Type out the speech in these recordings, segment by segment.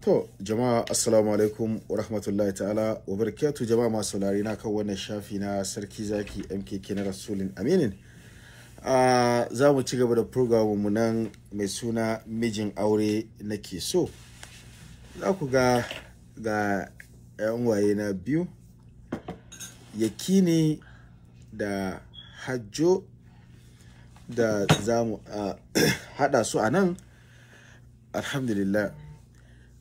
To jama'a assalamu alaikum wa rahmatullahi ta'ala wa barakatuh jama'a masu saurari na kan wannan shafi na sarki zaki MKK na Rasulin Aminin. a za mu ci gaba da mu nan mai suna mijin aure nake so. Za ku ga ga 'yan waye na biyu yakini da hajjo da za mu hada su a nan alhamdulillah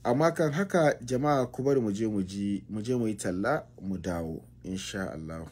amma kan haka jama'a ku bari muje je mu mu yi talla mu dawo insha allahu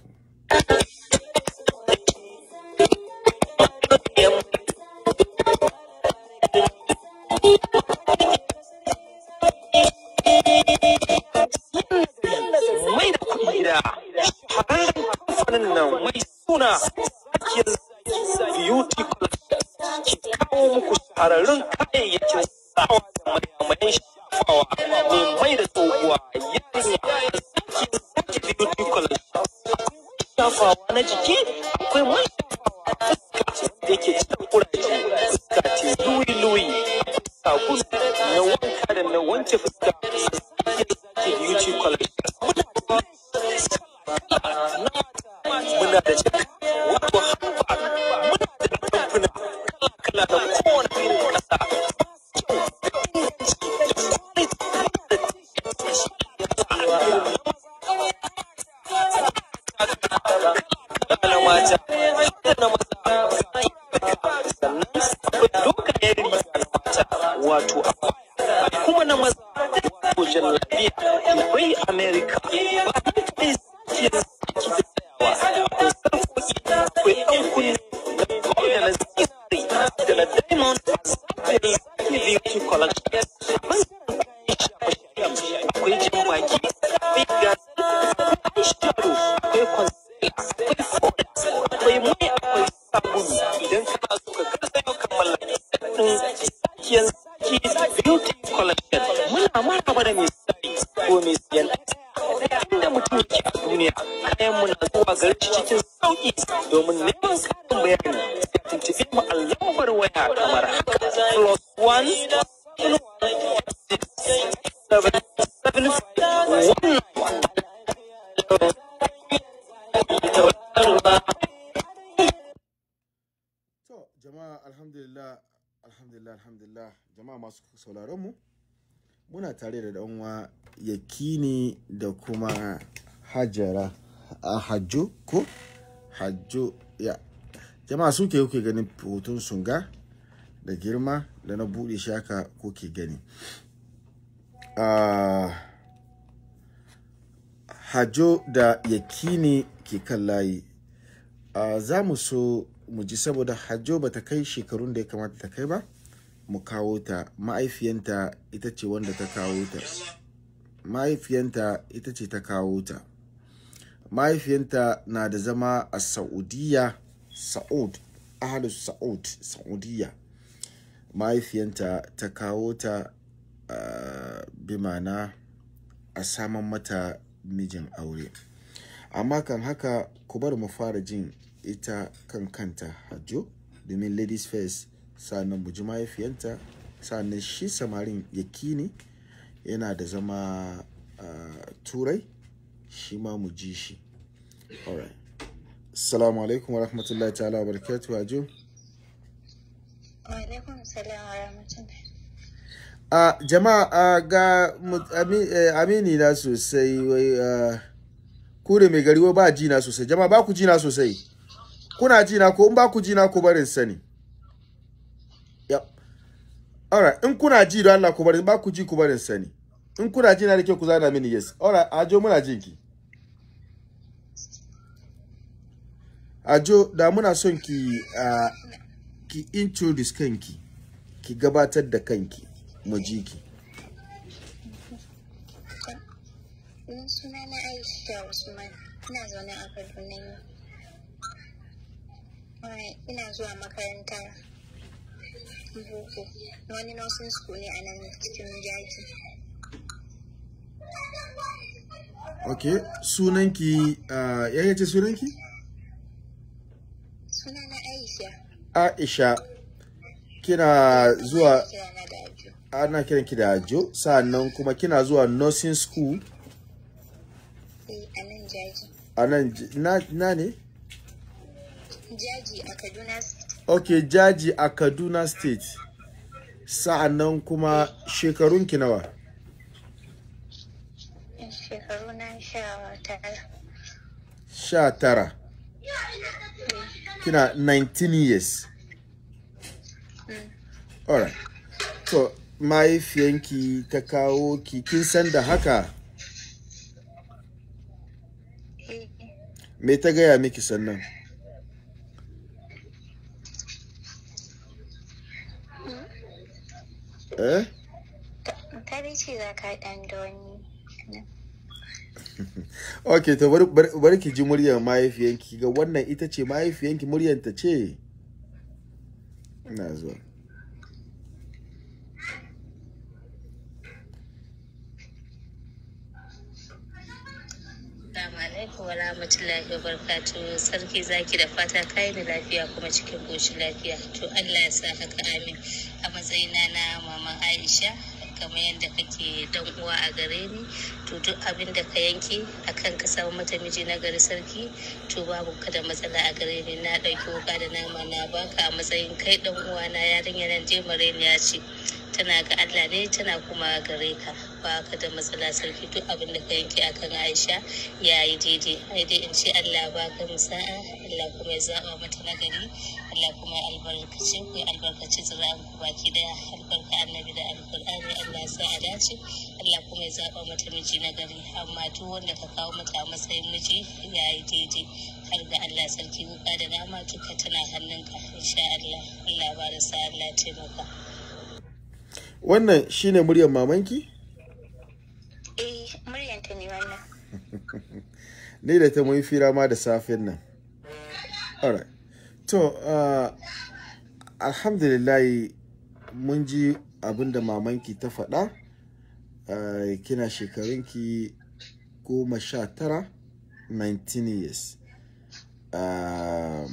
不会，我。muna marhaba da mai sari ko mai siyan inda mutum ke a duniya mu na zuwa gari cikin sauƙi domin neman karin bayani kini da kuma hajara a hajjo ko hajjo ya jama'a sun ke kuke ganin hoton sunga da girma da na buɗe shaka haka kuke gani uh, hajjo da yakini ke kan layi za mu so mu ji saboda hajjo ba ta kai shekarun da ya kamata ta kai ba mu kawo ta ma'aifiyanta ita ce wanda ta kawo ta mahaifiyanta ita ce ta kawo ta mahaifiyanta na da zama a saudiya sa'ud ahalus sa'ud saudiya mahaifiyanta ta kawo ta uh, ah, bimana a saman mata mijin aure amma kan haka ku bar mu fara jin ita kan kanta hajjo domin ladies first sannan mu ji mahaifiyanta sannan shi samarin yakini yana da zama turai shi ma mu ji shi alright assalamu alaikum wa rahmatullahi ta'ala wa barakatuhu hajo a jama'a ga e, amini na sosai wai kure mai gari ba ji na sosai jama'a ba ku ji na sosai kuna ji na ko in ba ku ji na ko barin sani yep alright in kuna ji don Allah ku barin ba ku ji ku barin sani in kuna ji na da kyau ku zana mini yes ora ajo muna jin ki ajo da muna son ki uh, ki introduce kanki ki gabatar da kanki mu ji ki eh, na Aisha Usman ina zaune a Kaduna ina zuwa makaranta boko wani nursing school ne a nan cikin jaji ok sunanki uh, ya yace sunanki sunana aisha aisha kina zuwa ana kiran ki da ajo sannan kuma kina zuwa nursing school eh, a nan jaji na ne jaji a kaduna state ok jaji a kaduna state sa'annan kuma shekarunki nawa sha tara kina 19 years mm. alright so mahaifiyanki ta kawo ki kin san da haka eh. me ta gaya miki sannan hmm? eh? ta ce za ka dan doni. ok to bari ji muryar mahaifiyanki ga wannan ita ce mahaifiyanki muryanta ce na zuwa alaikum wa barka, to sarki zaki da fata kayi da lafiya kuma cikin goshi lafiya to Allah ya sa haka amin a matsayina na mama Aisha kamar yadda kake dan uwa a gare ni to duk abin da ka yanke akan ka samu mata miji na gari sarki to babu ka da matsala a gare ni na ɗauki wuka da nama na baka a matsayin kai dan uwa na yarinya nan je ya ce tana ga Allah ne tana kuma gare ka ba ka da matsala sarki duk abin da ka yanke akan aisha ya yi daidai ai dai in ce allah ba ka musa'a allah kuma ya zaba mata nagari allah kuma ya albarkace ku ya albarkace zira'an ku baki daya albarka annabi da alkur'ani allah sa a dace allah kuma ya zaba mata miji nagari amma duk wanda ka kawo mata matsayin miji ya yi daidai har ga allah sarki wuka da nama duka tana hannunka insha allah allah ba da sa allah taimaka wannan shine muryar mamanki ni da ta mun fira ma da safin nan alright to uh, alhamdulillahi mun ji abinda mamanki ta faɗa uh, kina shekarunki goma sha tara 19 years uh,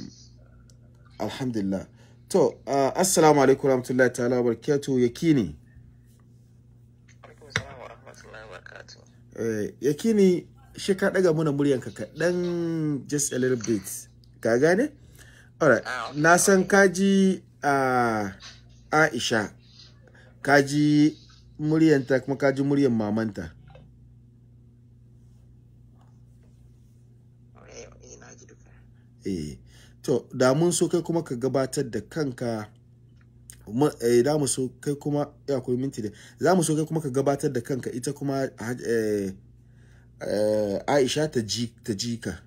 alhamdulillah to uh, assalamu alaikum rahmatullahi ta'ala barkatu yakini eh, yakini shi ka daga muna muryanka kaɗan just a little bit ka gane? alright na san kaji a aisha kaji muryanta kuma kaji muryan mamanta eh. to da mun so kai kuma ka gabatar da kanka eh da mu so kai kuma ya eh, akwai minti da za mu so kai kuma ka gabatar da kanka ita kuma eh Eh, Aisha ta ji ta ji ka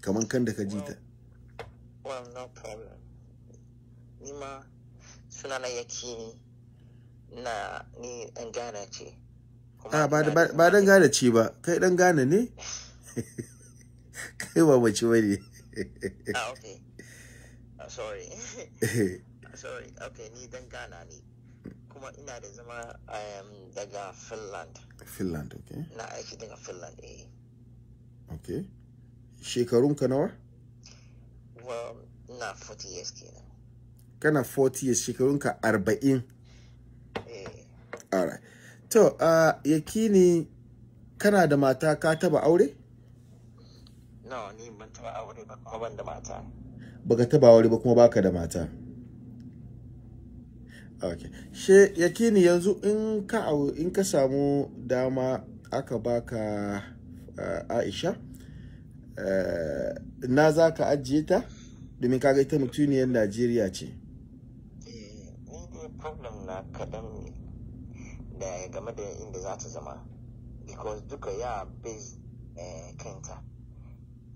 kaman kan da ka ji ta well no problem nima suna na yakini na ni dan gana ce a ah, ba ba dan gana ce ba kai dan gana ne kai ba mace bane ah okay ah, sorry ah, sorry okay ni dan gana ne kuma ina da zama um, daga finland finland ok na aiki daga finland eh ok shekarun ka nawa well na 40 years kenan kana 40 years shekarun ka 40 eh alright to uh, yakini kana da mata ka taba aure no ni ban taba aure ba kuma ban da mata baka taba aure ba kuma baka da mata okay she yakini yanzu in ka in ka samu dama aka baka uh, Aisha uh, na za ka ajiye ta domin ka ga ita mutuniyar Najeriya ce eh, problem na kadan da game da inda za ta zama because duka ya base kanta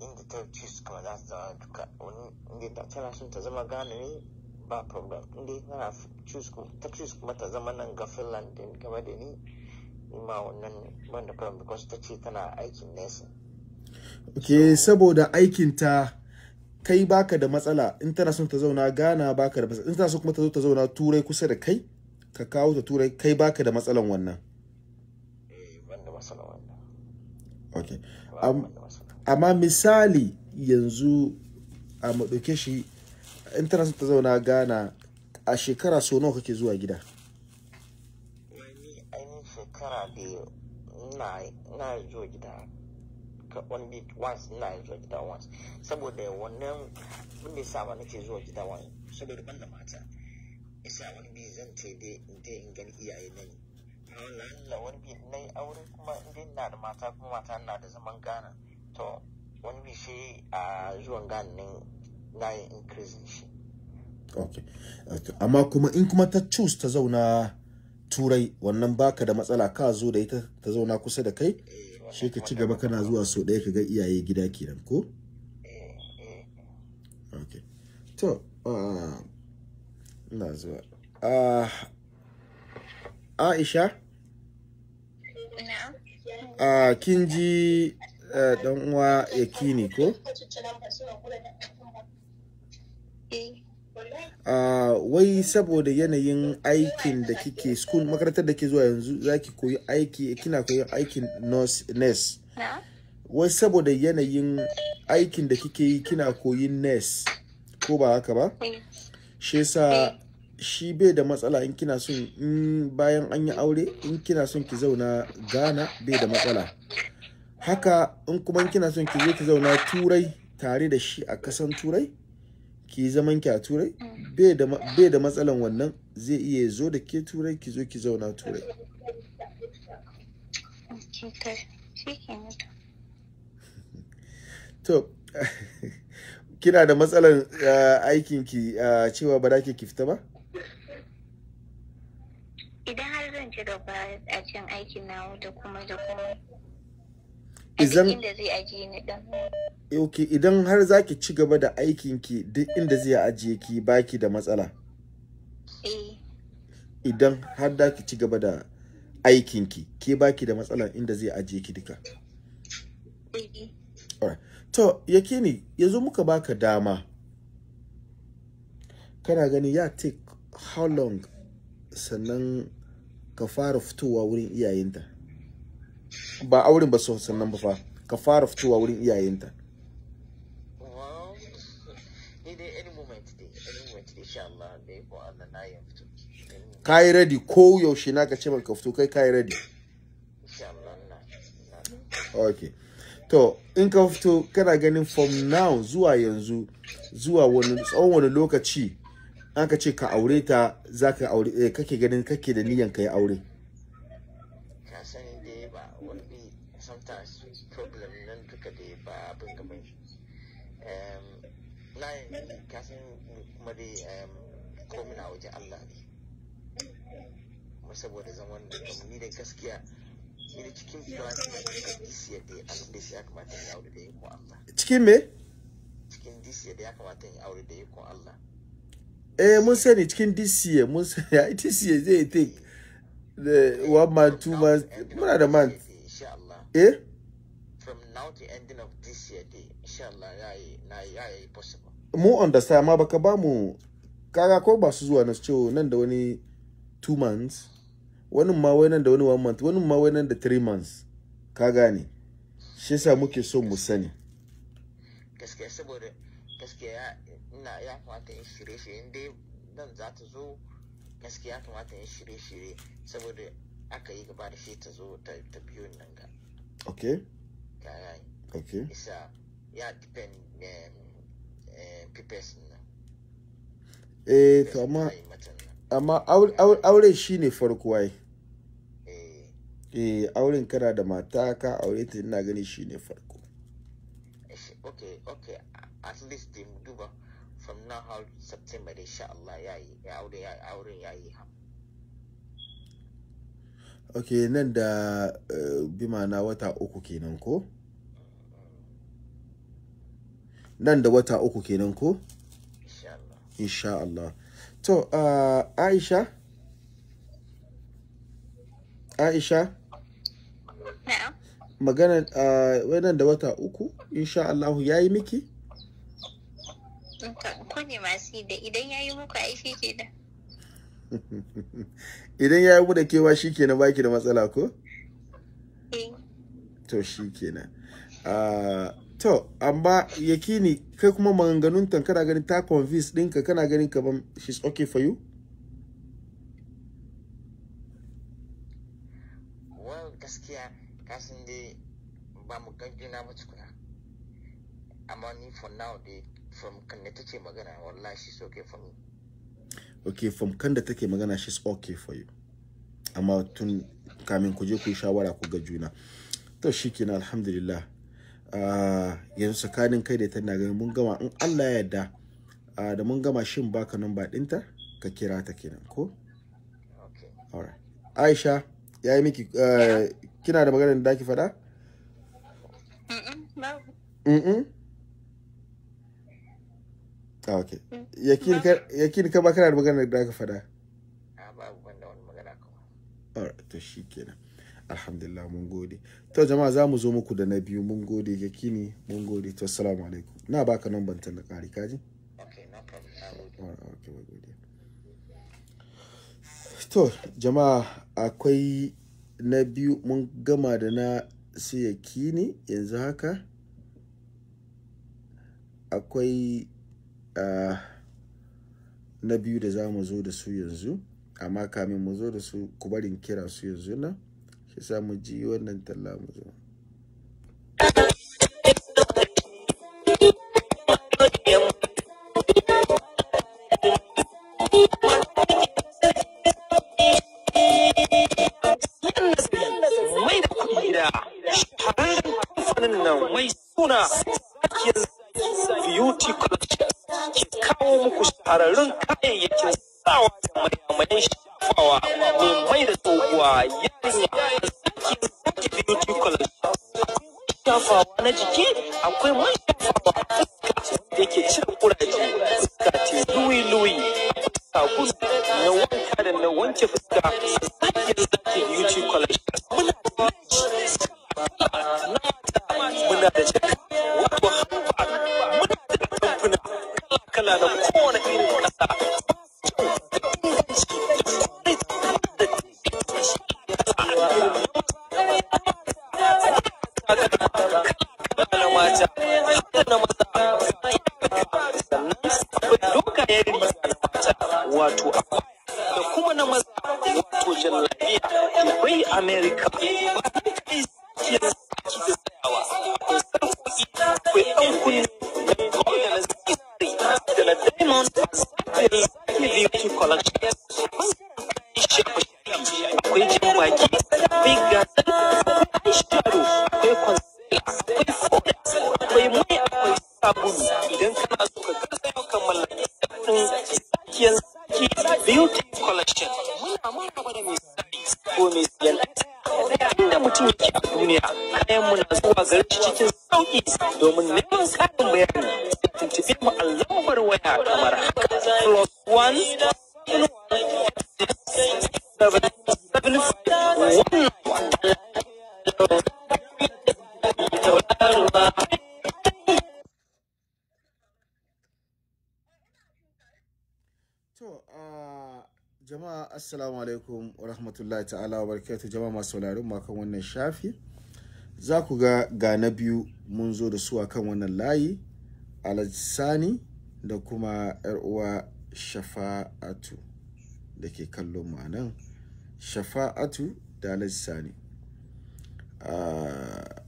inda ta choose kuma za ta zama duka wani inda tana son ta zama gane ne ba problem inda kana choose ta kuma ta zama nan ga Finland din game da ni ma wannan ban da problem because ta ce tana aikin nesa. okay saboda aikin ta kai baka da matsala in tana son ta zauna Ghana baka da matsala in tana son kuma ta zo ta zauna Turai kusa da kai ka kawo ta Turai kai baka da matsalan wannan eh, amma misali yanzu a maɗauke shi in tana ta zauna Ghana a shekara so nawa kake zuwa gida wani ainihin shekara biyu na zuwa gida only once na zuwa gida once saboda wannan bin sa ba nake zuwa gida wani saboda ban da mata isa wani bi zan ce dai in in gani iyaye na ne lalla wani bi na yi aure kuma in dai na da mata kuma mata na da zaman gana to wani bi shi a zuwan gana amma kuma in kuma ta choose ta zauna turai wannan baka da matsala ka zo da ita ta zauna kusa da kai eh, shi ka ci gaba kana zuwa so ɗaya ka ga iyaye gida kenan ko eh, eh. okay to ina zuwa aisha a kin ji dan uwa yakini ko Ah, wai saboda yanayin aikin da kike school makarantar da ke zuwa yanzu zaki koyi aiki kina koyon aikin nurse wai saboda yanayin aikin da kike yi kina koyi nurse ko ba haka ba eh. shi yasa shi bai da matsala in kina son in bayan an yi aure in kina son ki zauna Ghana bai da matsala haka in kuma kina son ki je ki zauna turai tare da shi a kasan turai ki zaman ki a turai mm. bai da matsalan wannan zai iya zo da ke turai ki zo ki zauna turai to kina da matsalan eh, aikin ki eh, cewa ba za ki fita ba idan har zan ci gaba a cikin aikin na da kuma da kuma izan ok idan har zaki ci gaba da aikinki duk inda zai ajiye ki baki da matsala eh idan har da ki ci gaba da aikinki ke baki da matsala inda zai ajiye ki duka eh. to yake ne yanzu muka baka dama kana gani ya take how long sannan ka fara fitowa wurin iyayenta ba auren ba su sannan ba fa ka fara fitowa wurin iyayenta ka yi ready ko yaushe na ka ce man ka fito kai ka yi ready okay to in ka fito kana ganin from now zuwa yanzu zuwa wani tsawon wani lokaci aka ce ka aure ta za ka aure eh, kake ganin kake da niyan ka yi aure kuma dai a wajen Allah ne kuma saboda zaman da ni da gaskiya cikin dai cikin me cikin ya kamata ya aure da Allah eh mun sani cikin this mun sani zai take one month two muna da month eh from now to mu understand amma baka ba mu kaga ko ba su zuwa na ce oh, nan da wani two months wani ma wai nan da wani one month wani ma wai nan da three months ka gane shi yasa muke so mu sani gaskiya saboda gaskiya ina ya kamata in shirye shirye in dai nan za ta zo gaskiya ya kamata in shirye shirye saboda aka yi gaba da shi ta zo ta biyo nan ga okay ka gane okay isa ya depend eh, eh, eh to amma amma aure shi ne farko eh. eh auren kana da mata ka aure ta ina gani eh, shi ne farko okay okay at least duba from now how september insha Allah yayi ya aure ya aure yayi ha okay nan da bima bi ma'ana wata uku kenan ko nan da wata uku kenan ko insha Allah to uh, Aisha Aisha yeah. magana uh, wannan da wata uku insha Allah yayi miki Kone ne masu da idan yayi muku aishi ke da idan yi muku da kewa shi kenan baki da matsala ko eh. to shi ke uh, to amma yakini kai kuma maganganun tan kana ganin ta convince dinka kana ganin ka ban she's okay for you well gaskiya kasan dai ba mu gina ba tukuna amma ni for now dai from kan da take magana wallahi she's okay for me okay from kan da take magana she's okay for you amma tun kamin ku je ku shawara ku ga juna to shikenan alhamdulillah yanzu tsakanin kai da ta na gani mun gama in Allah ya yarda da mun gama shin baka number ɗinta ka kira ta kenan ko alright Aisha ya yi miki eh, kina da maganar da ki faɗa? Mm-mm. Ah, ok mm, yakin ka ba kana da maganar da ka faɗa? Ah, babu wanda wani magana kawai. alright to shi kenan alhamdulillah mun gode to jama'a za mu zo muku da na biyu mun gode ga kini mun gode to assalamu alaikum na baka nan bantan da kaji to jama'a akwai na biyu mun gama da na su kini yanzu haka akwai ah, na biyu da za mu zo da su yanzu amma kamin mu zo da su kubarin kira su yanzu nan shi sa mu ji wannan talla mu zo Mai da kuɗi mai suna No na wanka da na wanke fuska a sake zakin YouTube gare cikin sauƙi domin neman ƙarin bayani sai tuntuɓe mu a lambar waya kamar haka plus one seven seven one jama'a assalamu alaikum wa rahmatullahi ta'ala wa barakatuh jama'a masu sauraron makon wannan shafi za ku ga ga na biyu mun zo da su a kan wannan layi alhassani da kuma uwa shafa'atu da ke kallon mu nan shafa'atu da alhassani ah,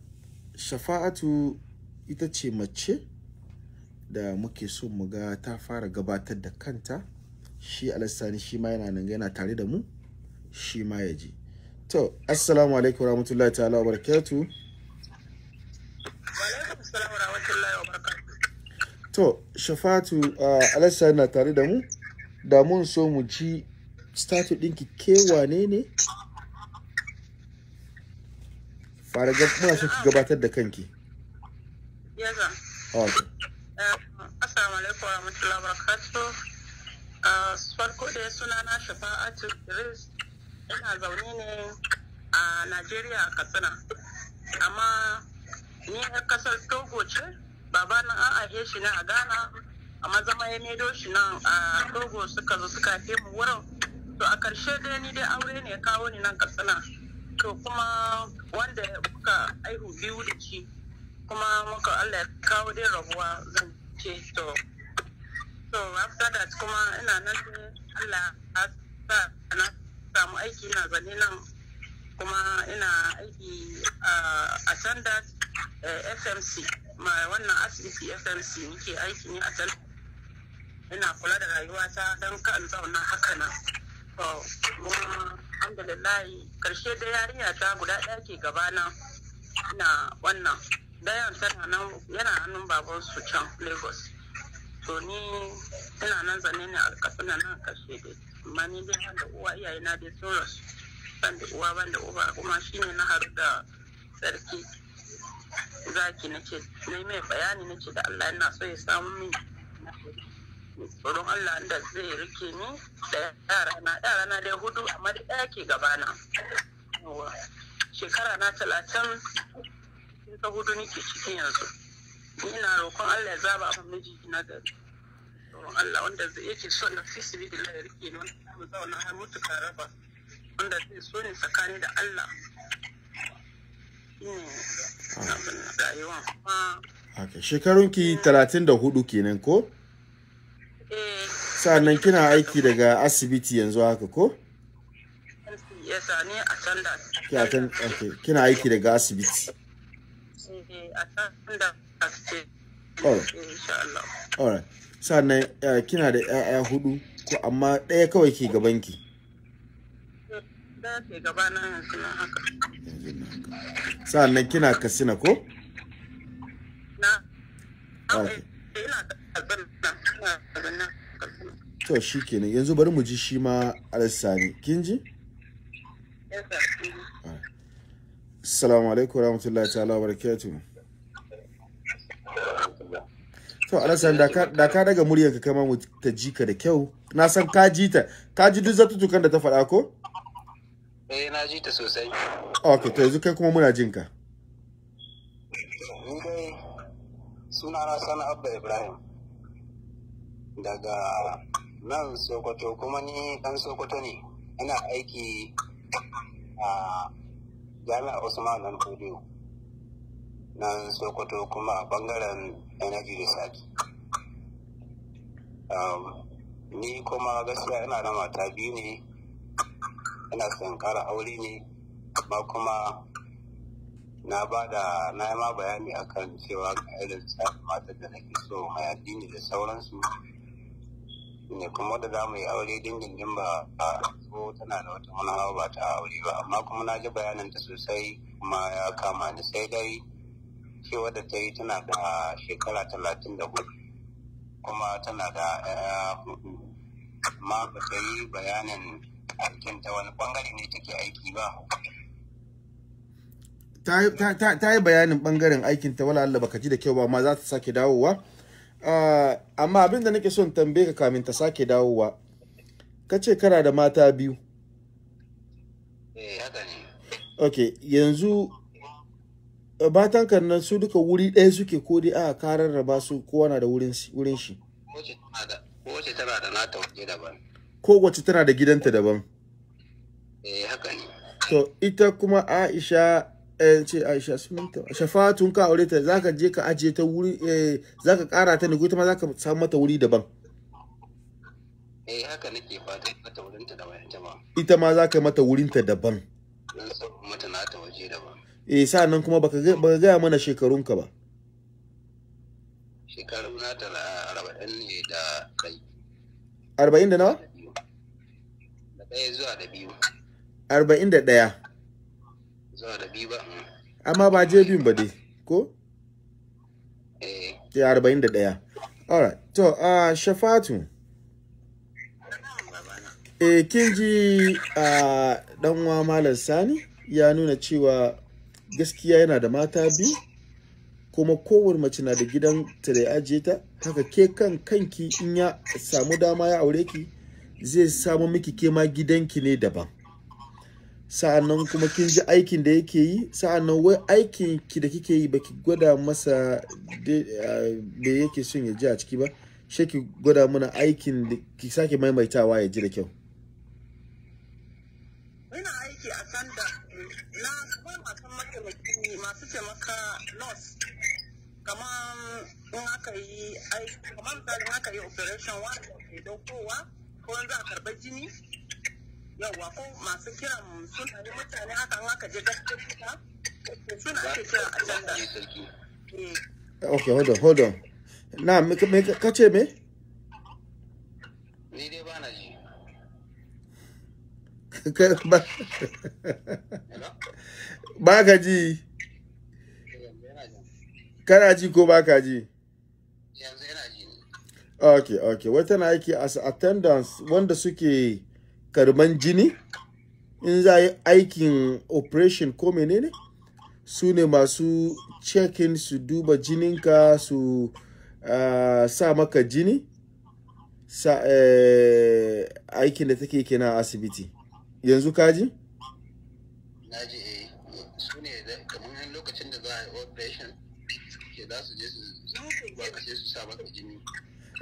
shafa'atu ita ce mace da muke so mu ga ta fara gabatar da kanta shi alhassani shi ma yana nan yana tare da mu shi ma ya je To, assalamu alaikum wa rahmatullahi ta'ala wa barakatu. To, Shafatu uh, na tare da mu, da mun so mu ji statu ɗinki kewa wane ne? Fara ga muna so ki gabatar da kanki. Yaza. Okay. Uh, assalamu alaikum wa uh, Farko da sunana ina zaune ne a Najeriya a Katsina. Amma ni yar kasar Togo ce, babana an ahe shi ne a Ghana, amma zama ya medo shi nan a Togo suka zo suka fi mu wurin. To a karshe dai ni dai aure ne ya kawo ni nan Katsina. To kuma wanda muka aihu biyu da shi, kuma muka Allah ya kawo dai rabuwa zan ce to. So after that kuma ina nan Allah ya sa samu aiki na zane nan kuma ina aiki a sandar eh, fmc ma wannan asibiti fmc ke aiki ne a can ina kula da rayuwata don ka zauna haka nan kuma alhamdulillahi karshe da yarinya ta guda ɗaya ke gabana ina wannan dayan tana nan yana hannun baban su can lagos to ni ina nan zane ne a katsina nan karshe dai amma ni dai wanda uwa iyaye na dai sun rasu ban da uwa ban da uba kuma shine na haru da sarki zaki na ce na mai bayani na ce da Allah yana so ya samu min tsoron Allah da zai rike ni da yara na dai hudu amma da ɗaya ke gabana shekara na talatin ta hudu nake ciki yanzu ina roƙon Allah ya zaba amma miji na gari tsoron Allah wanda zai yake so na fi su da ya rike ne wanda mu zauna har mutu ka raba wanda zai so ne tsakani da Allah Okay. ki talatin da hudu kenan ko? Eh. Sa'annan kina aiki daga asibiti yanzu haka ko? Kina aiki daga asibiti? Eh, a All right. All right. sannan eh, kina da 'ya'ya hudu ko amma ɗaya kawai ke gabanki sannan kina kasina ko? Ah, eh, to shi kenan yanzu bari mu ji shi ma ne kin ji? Assalamu alaikum warahmatullahi ta'ala wa barakatuhu. to alasan da ka daga muryar ka kama ta ji ka da kyau na san ka ji ta ka ji duk zatutukan da ta faɗa ko eh na ji ta sosai ok to yanzu kai kuma muna jin ka suna na sana abba ibrahim daga nan sokoto kuma ni dan sokoto ne ina aiki a jami'ar usman dan Kudu. nan sokoto kuma bangaren energy sati um, ni kuma gaskiya ina da mata biyu ne ina son kara aure ne amma kuma na ba da na yi ma bayani akan cewa ga irin tsarin matar da nake so mai addini da sauransu ne kuma da za mu yi aure dingindin ba a so tana da wata manawa ba ta aure ba amma kuma na ji bayanin ta sosai kuma ya kama ni sai dai cewa da ta yi tana da shekara talatin da hudu kuma tana da ɗaya eh, hudu amma ba ta yi bayanin aikin ta wani bangare ne take aiki ba ta yi bayanin bangaren aikin ta wala Allah baka ji da kyau ba amma za ta sake dawowa ah, amma abin da nake son tambaye ka kamin ta sake dawowa ka ce kana da mata biyu eh, ok yanzu batan nan su duka wuri ɗaya suke ko dai a karar raba su kowa na da wurin shi kowace tana da nata waje daban kowace tana da gidanta daban eh haka ne to ita kuma aisha eh ce aisha shafa shafatun ka aure ta zaka je ka ajiye ta wuri eh zaka kara ta ne ko ita ma zaka samu mata wuri daban eh haka nake fata mata wurin ta daban ita ma zaka mata wurin ta daban eh sa'annan kuma baka baka gaya mana shekarunka ba shekaru na tara arba'in ne da kai arba'in da nawa da ɗaya zuwa da biyu arba'in da ɗaya zuwa da biyu ba amma ba je biyun ba dai ko eh arba'in da ɗaya alright to uh, shafatu eh kin ji uh, dan uwa malam sani ya nuna cewa gaskiya yana da mata biyu kuma kowar mace na da gidan ta da ajiye ta haka ke kan kanki in ya samu dama ya aure ki zai samu miki ke ma gidanki ne daban nan kuma kin ji aikin da yake yi nan wai aikin ki da kike yi ba ki gwada masa da yake son ya ji a ciki ba shi ki gwada mana aikin da ki sake maimaitawa ya ji da kyau maka nurse kamar in aka yi aiki kamar misali in aka yi operation ke daukowa ko za a jini yawwa ko masu kiran mutane haka in aka je suna eh. ok hold on hold me ka ce me ba ka ji kana ji ko baka ji yanzu ji ok ok wata na aiki as attendance wanda suke karban jini in za yi aikin operation ko menene su ne masu checking su duba jininka su uh, sa maka jini sa uh, aikin da take a asibiti yanzu kaji? na ji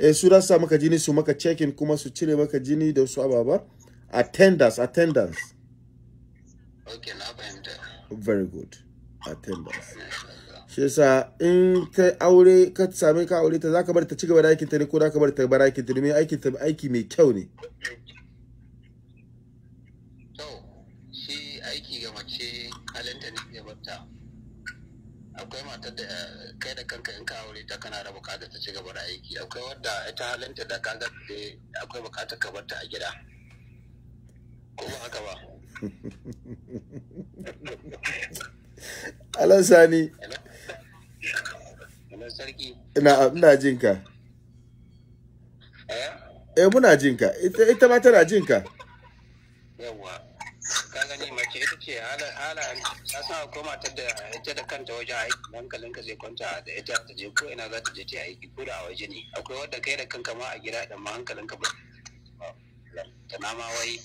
eh su da sa maka jini su maka checking kuma su cire maka jini da su ababa attendance attendance okay na fahimta very good attendance shi yasa in kai aure ka same ka aure ta zaka bar ta cigaba da aikin ta ne ko zaka bar ta bar aikin ta ne aikin ta aiki mai kyau ne akwai wadda ita halinta da kaga da akwai bukatar ka barta a gida ko ba haka ba alan sani ina ina jinka. ka eh, eh muna jinka, ita ma tana jinka. yawa ce ala ala ta san koma ta da ita da kanta wajen aiki hankalin ka zai kwanta da ita ta je ko ina za ta je ta aiki ko da a waje ne akwai wanda kai da kanka ma a gida da ma hankalin ka ba ta nama wai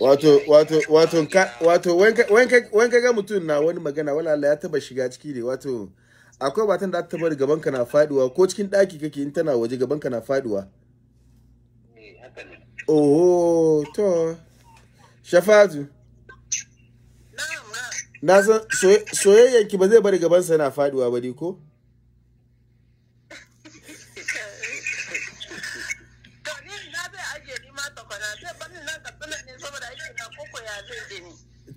wato wato wato wato wen kai wen kai ga mutum na wani magana wala Allah ya taba shiga ciki ne wato akwai batun da ta bar gaban ka na faduwa ko cikin daki kake in tana waje gaban ka na faduwa eh, oho to shafatu na san soyayyanki ba zai bari gabansa na faduwa ba ne ko?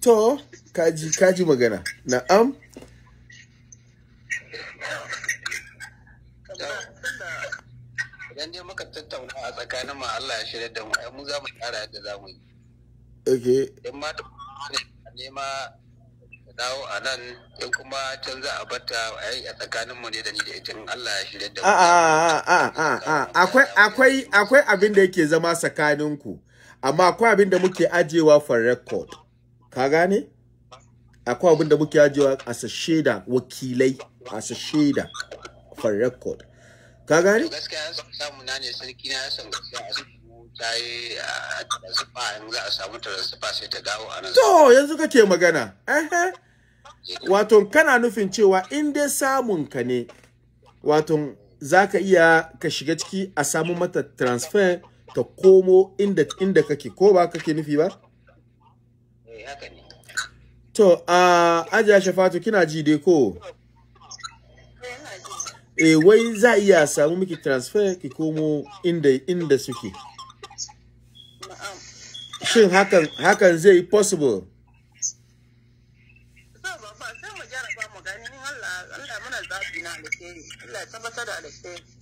To, kaji, kaji magana. Na'am? Idan ne muka tattauna a tsakanin ma Allah ya shirya da mu, mu za mu tsara yadda za mu yi. Okay. In ma da nema dawo a nan in kuma can za a bata a yi a tsakanin mu ne da ni da ita Allah ya shirya da mu. Akwai akwai akwai abin da yake zama tsakanin ku amma akwai abin da muke ajewa for record. Ka gane? Akwai abin da muke ajewa as a shaida wakilai as a shaida for record. Ka gane? Gaskiya an samu na ne sarki na san gaskiya ta yi a za a samu taransifa sai ta dawo a nan. To yanzu kake magana. wato kana nufin cewa in dai samun ka ne wato zaka iya ka shiga ciki a samu mata transfer ta komo inda inda kake ko ba kake nufi ba eh, to a uh, ajiya shafatu kina ji dai ko e wai za iya samu miki transfer ki komo inda inda suke shin hakan hakan zai possible ka masa da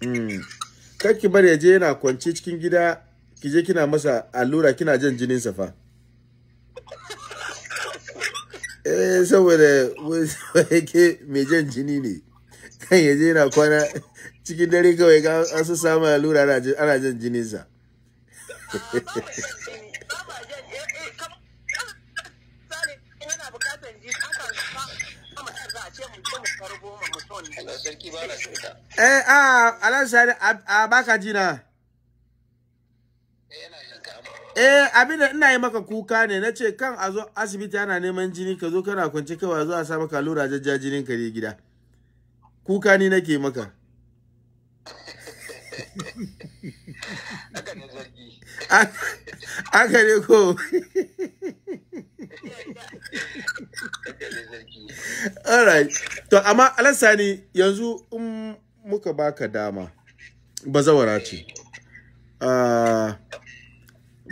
mm. bar ya je yana kwance cikin gida ki je kina masa allura kina jan jinin sa fa eh saboda ke mai jan jini ne kan ya je yana kwana cikin dare kawai ga an sa samu allura ana jan jinin sa Allah eh, sarki ba na shirka. Eh a Alhaji Eh abin da ina yi maka kuka ne na ce kan a zo asibiti ana neman jini ka zo kana kwance kawai zo a sa maka lura jajja jinin ka ne gida. Kuka ni nake maka. Aka ne ko. alright to amma alasani yanzu in muka baka dama bazawara ce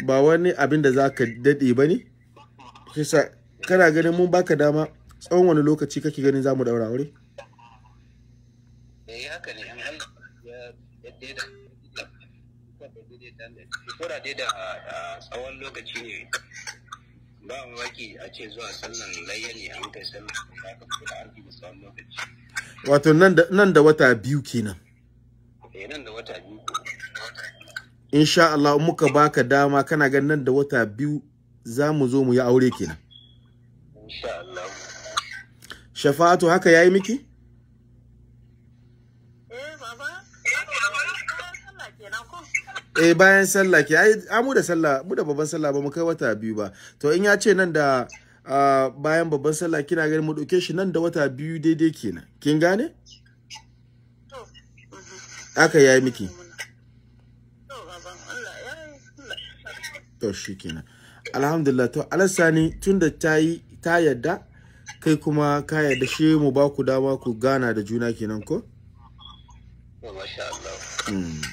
ba wani abin da za ka bane? ba ne kana ganin mun baka dama tsawon wani lokaci kake ganin za daura aure? ne. ya da tsawon lokaci ne ba mamaki a ce zuwa sallan layya ne an kai sallan ya ka fita aiki da tsawon lokaci wato nan da wata biyu kenan eh nan da wata biyu insha Allah muka baka dama kana gan nan da wata biyu za mu zo mu yi aure kenan insha Allah shafa'atu haka yayi miki eh bayan sallah ke ai amu da sallah mu da babban sallah ba mu kai wata biyu ba to in ya ce nan da bayan babban sallah kina ganin mu dauke shi nan da wata biyu daidai kenan kin gane aka yayi miki to shi kenan alhamdulillah to alasani tunda ta yi ta yadda kai kuma ka yadda shi mu ba ku dama ku gana da juna kenan ko masha Allah mm.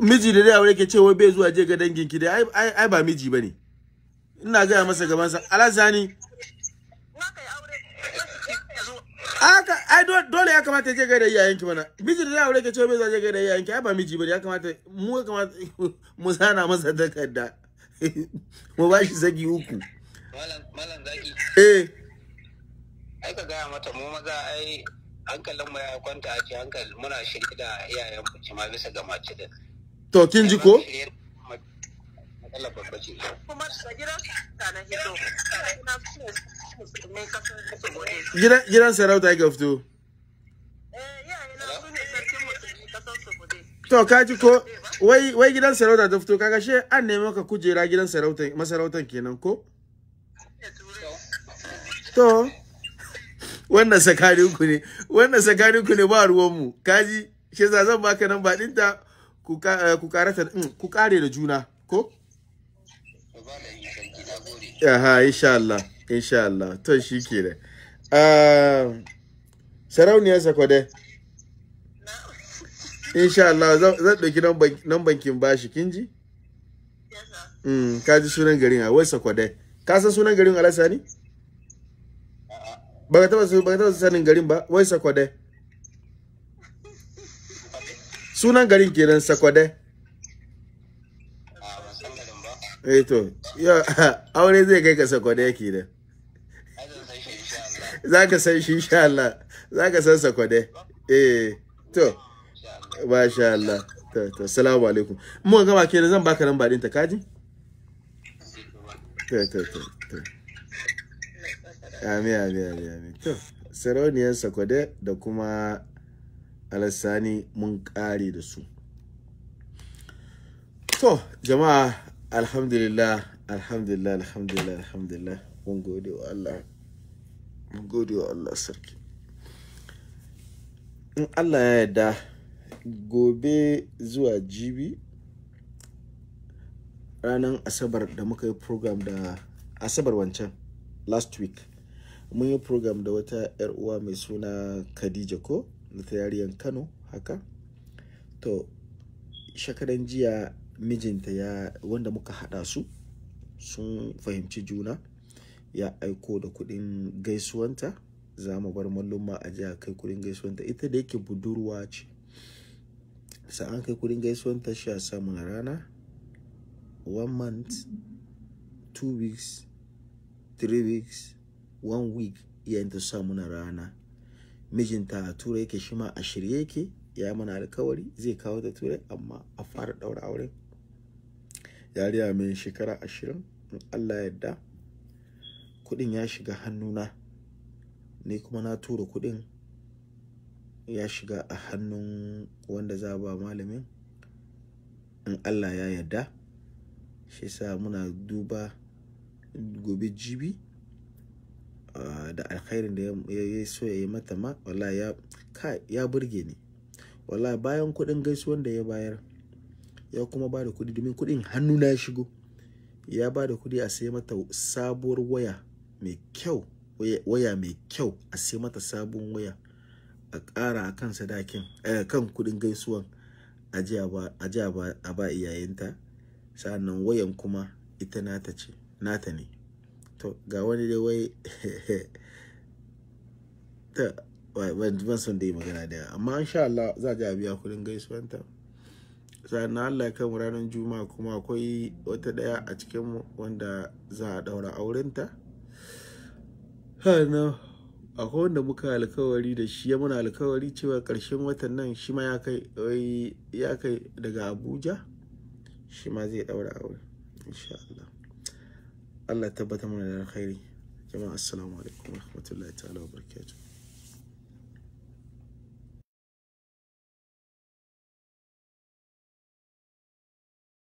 miji da dawo yake cewa bai zuwa je ga dangin ki dai ai ai ba miji bane ina gaya masa gaban sa alazani aka ai dole ya kamata je ga da iyayenki mana miji da dawo yake cewa bai zuwa je ga da iyayenki ai ba miji bane ya kamata mu kamata mu sana masa takarda mu ba shi zagi uku malam malam zaki eh ai ka gaya mata mu maza ai hankalin mu ya kwanta a hankali muna shirya da iyayen mu ma bisa ga mace din to kin ji ko gidan sarauta ya fito to ka ji ko wai gidan sarauta ta fito kaga she an nemi ka kujera gidan sarauta masarautan kenan ko to wannan sakarin ku ne wannan sakarin ne ba ruwan mu kaji shi za baka nan ba Eh, mm, ku kare da juna ko? Aha, insha Allah, insha Allah, to shi ke da. Ah, Sarauniyar sakwade. Insha Allah, zan ɗauki nan bankin bashi, kin ji? Mm, ka ji sunan garin a wai sakwade. Ka san sunan garin Alasani? Ba ka taɓa sanin garin ba, wai sakwade. sunan garin kenan sakwade ah, eh to aure zai kai ka sakwade yake da za ka san shi insha Allah za ka san sakwade eh to masha Allah to to assalamu alaikum mun gaba kenan zan baka nan din ta kaji to to to to amin amin amin to sarauniyar sakwade da kuma alasani mun kare da su to jama'a alhamdulillah alhamdulillah alhamdulillah alhamdulillah mun gode wa Allah mun gode wa Allah sarki in Allah ya yarda gobe zuwa jibi ranar asabar da muka yi program da asabar wancan last week mun yi program da wata 'yar uwa mai suna khadija ko na yariyar kano haka to shakaran jiya mijinta ya wanda muka hada su sun fahimci juna ya aiko da kudin gaisuwanta za mu bar mallumma a jiya kai kudin gaisuwanta ita da yake budurwa ce sa'an kai kudin gaisuwanta shi a samun rana one month two weeks three weeks one week da samu na rana mijinta turai yake shi ma a shirye yake ya mana alkawari zai kawo ta turai amma a fara daura auren yariya mai shekara ashirin in allah yadda kudin ya shiga hannuna ni kuma na tura kudin ya shiga a hannun wanda za ba malamin in allah ya yadda shi sa muna duba gobe jibi Eh, da alkhairin da ya so ya yi mata ma wallahi ya burge ni wallahi bayan kuɗin gaisuwan da ya bayar ya kuma ba da kuɗi domin kuɗin hannu na ya shigo ya ba da kuɗi a sai mata sabuwar waya mai kyau waya mai kyau a sai mata sabon waya a ƙara a kan sadakin eh, kan kuɗin gaisuwan a ji a ba iyayenta sannan wayan kuma ita nata ce nata ne to ga wani dai wai ta ban son da yi magana da amma insha Allah za a biya kudin gaisuwanta sannan Allah kan ranar juma kuma akwai wata daya a cikin wanda za a daura aurenta hana akwai wanda muka alkawari da shi ya muna alkawari cewa karshen watan nan shi ma ya kai daga abuja shi ma zai daura aure insha Allah Allah tabbatar mana da alkhairi jama'a assalamu alaikum rahmatullahi ta'ala wabarakatuh